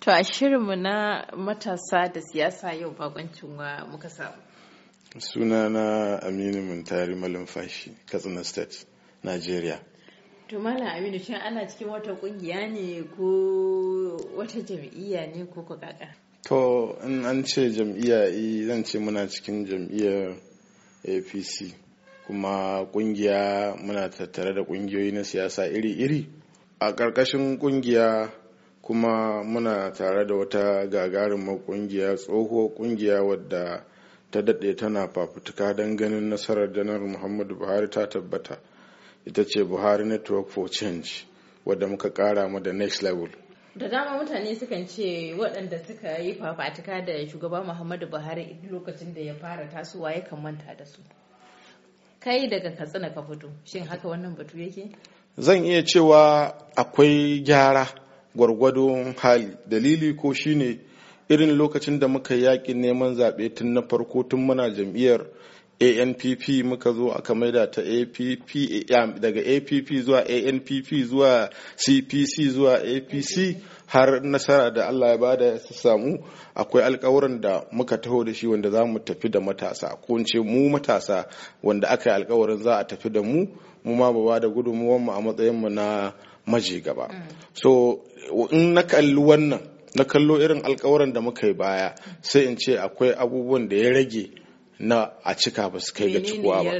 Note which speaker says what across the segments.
Speaker 1: To a shirinmu na matasa da siyasa yau bakoncin wa muka samu.
Speaker 2: Suna na Aminu Muntari Malumfashi, Katsina State, Nigeria.
Speaker 1: To Malam Aminu, shin ana cikin wata kungiya ne ko wata jam'iyya ne ko kaka?
Speaker 2: To in an ce jam'iyya zan ce muna cikin jam'iyyar APC. Kuma kungiya muna tattare da kungiyoyi na siyasa iri-iri. A ƙarƙashin kungiya kuma muna tare da wata gagarumar kungiya tsohuwar kungiya wadda ta daɗe tana fafutuka don ganin nasarar janar muhammadu buhari ta tabbata ita ce buhari network for change wadda muka kara ma da next level
Speaker 1: da dama mutane sukan ce waɗanda suka yi fafatuka da shugaba muhammadu buhari lokacin da ya fara tasowa ya kamanta da su kai daga katsina ka fito shin haka wannan batu yake
Speaker 2: zan iya cewa akwai gyara gwargwadon hali dalili ko shine irin lokacin da muka yaƙi neman zaɓe tun na farko tun muna jam'iyyar anpp muka zo aka maida ta app daga app zuwa anpp zuwa cpc zuwa apc har nasara da allah ya bada ya samu akwai alkawuran da muka taho da shi wanda za mu tafi da matasa ko ce mu matasa wanda aka yi alkawarin za a tafi da mu mu ma ba da gudunmuwanmu a matsayinmu na maji gaba mm. so in na kalli wannan na kallo irin alkawuran da muka yi baya sai in ce akwai abubuwan da ya rage na a cika ba su kai ga cikuwa ba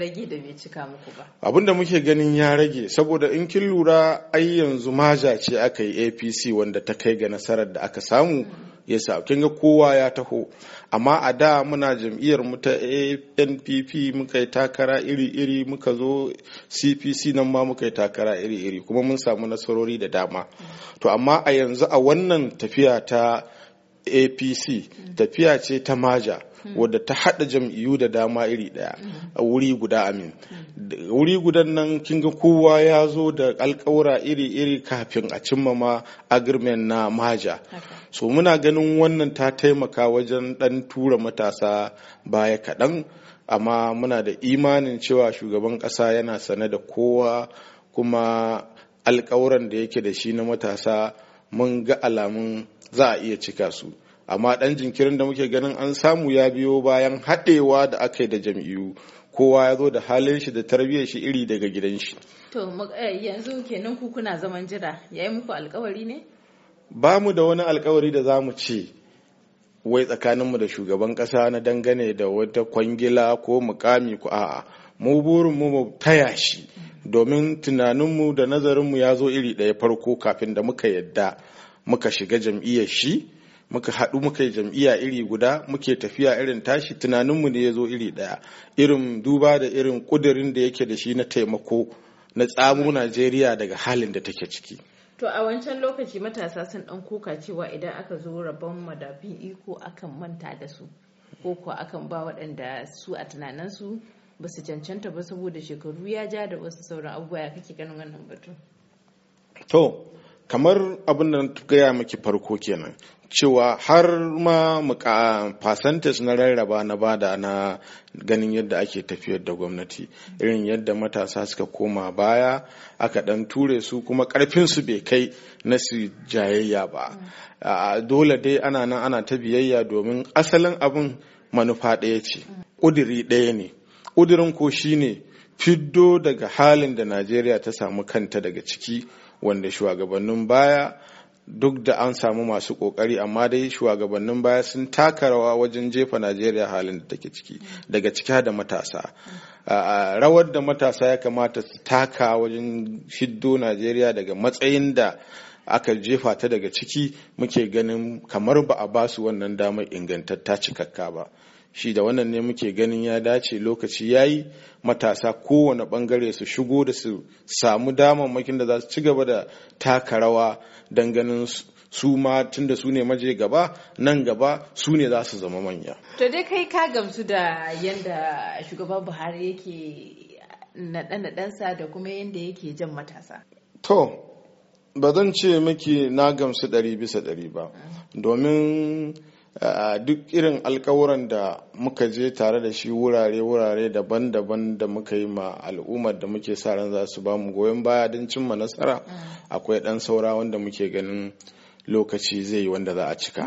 Speaker 2: abin da muke ganin ya rage saboda in kin lura ai yanzu maja ce aka yi apc wanda ta kai ga nasarar da aka samu mm. yasa kin ga kowa ya taho amma a da muna jam'iyyar mu ta NPP muka yi takara iri-iri muka zo CPC nan ma muka yi takara iri-iri kuma mun samu nasarori da dama to amma a yanzu a wannan tafiya ta apc tafiya ce ta maja wadda ta haɗa jam'iyyu da dama iri ɗaya a wuri guda amin wuri gudan nan kin ga kowa ya zo da alkawura iri-iri kafin a cimma ma na maja so muna ganin wannan ta taimaka wajen dan tura matasa baya kaɗan amma muna da imanin cewa shugaban ƙasa yana sane da kowa kuma alkawuran da yake da shi na matasa mun ga alamun za a iya cika su amma ɗan jinkirin da muke ganin an samu ya biyo bayan haɗewa da aka yi da jam'iyyu kowa ya zo da halin shi da tarbiyyar shi iri daga gidan shi
Speaker 1: to eh, yanzu kenan ku kuna zaman jira ya yi muku alkawari ne
Speaker 2: ba mu da wani alkawari da za mu ce wai tsakaninmu da shugaban ƙasa na dangane da wata kwangila ko mukami ko a'a mu burin mu mu taya shi domin tunaninmu da nazarinmu ya zo iri ɗaya farko kafin da muka yadda muka shiga jam'iyyar shi muka haɗu muka yi jam'iyya iri guda muke tafiya irin tashi tunaninmu ne ya zo iri ɗaya irin duba da irin ƙudurin da yake da shi na taimako na tsamu najeriya daga halin da take ciki
Speaker 1: To a wancan lokaci matasa sun ɗan koka cewa idan aka zo rabon madafin iko akan manta da su ko kuwa akan ba waɗanda su a tunaninsu ba su cancanta ba saboda shekaru ya ja da wasu sauran abubuwa ya kake ganin wannan batun.
Speaker 2: To kamar abin da na gaya maki farko kenan cewa har ma fasantas na rarraba na bada na ganin yadda ake tafiyar da gwamnati irin yadda matasa suka koma baya aka dan ture su kuma karfin su bai kai na su jayayya ba dole dai ana nan ana ta biyayya domin asalin abin manufa ɗaya ce ƙudiri ɗaya ne ƙudirin ko shine ne fiddo daga halin da najeriya ta samu kanta daga ciki wanda shugabannin baya duk da an samu masu kokari amma dai shugabannin baya sun taka rawa wajen jefa najeriya halin da take ciki daga ciki da matasa rawar da matasa ya kamata su taka wajen hiddo najeriya daga matsayin da aka jefa ta daga ciki muke ganin kamar ba a basu wannan damar ingantatta cikakka ba shi da wannan ne muke ganin ya dace lokaci ya yi matasa kowane bangare su shigo da su samu damammakin da za su ci gaba da taka rawa don ganin su ma tun da su ne maje gaba nan gaba su ne za su zama manya.
Speaker 1: To dai kai ka gamsu da yadda shugaban Buhari yake naɗa-naɗansa da kuma yadda yake jan matasa.
Speaker 2: To, ba zan ce miki na gamsu ɗari bisa ɗari ba, mm. domin duk irin alkawuran da muka je tare da shi wurare-wurare daban-daban da muka yi ma al'ummar da muke sa ran za su mu goyon baya don cimma nasara mm. akwai ɗan saura wanda muke ganin lokaci zai yi wanda za a cika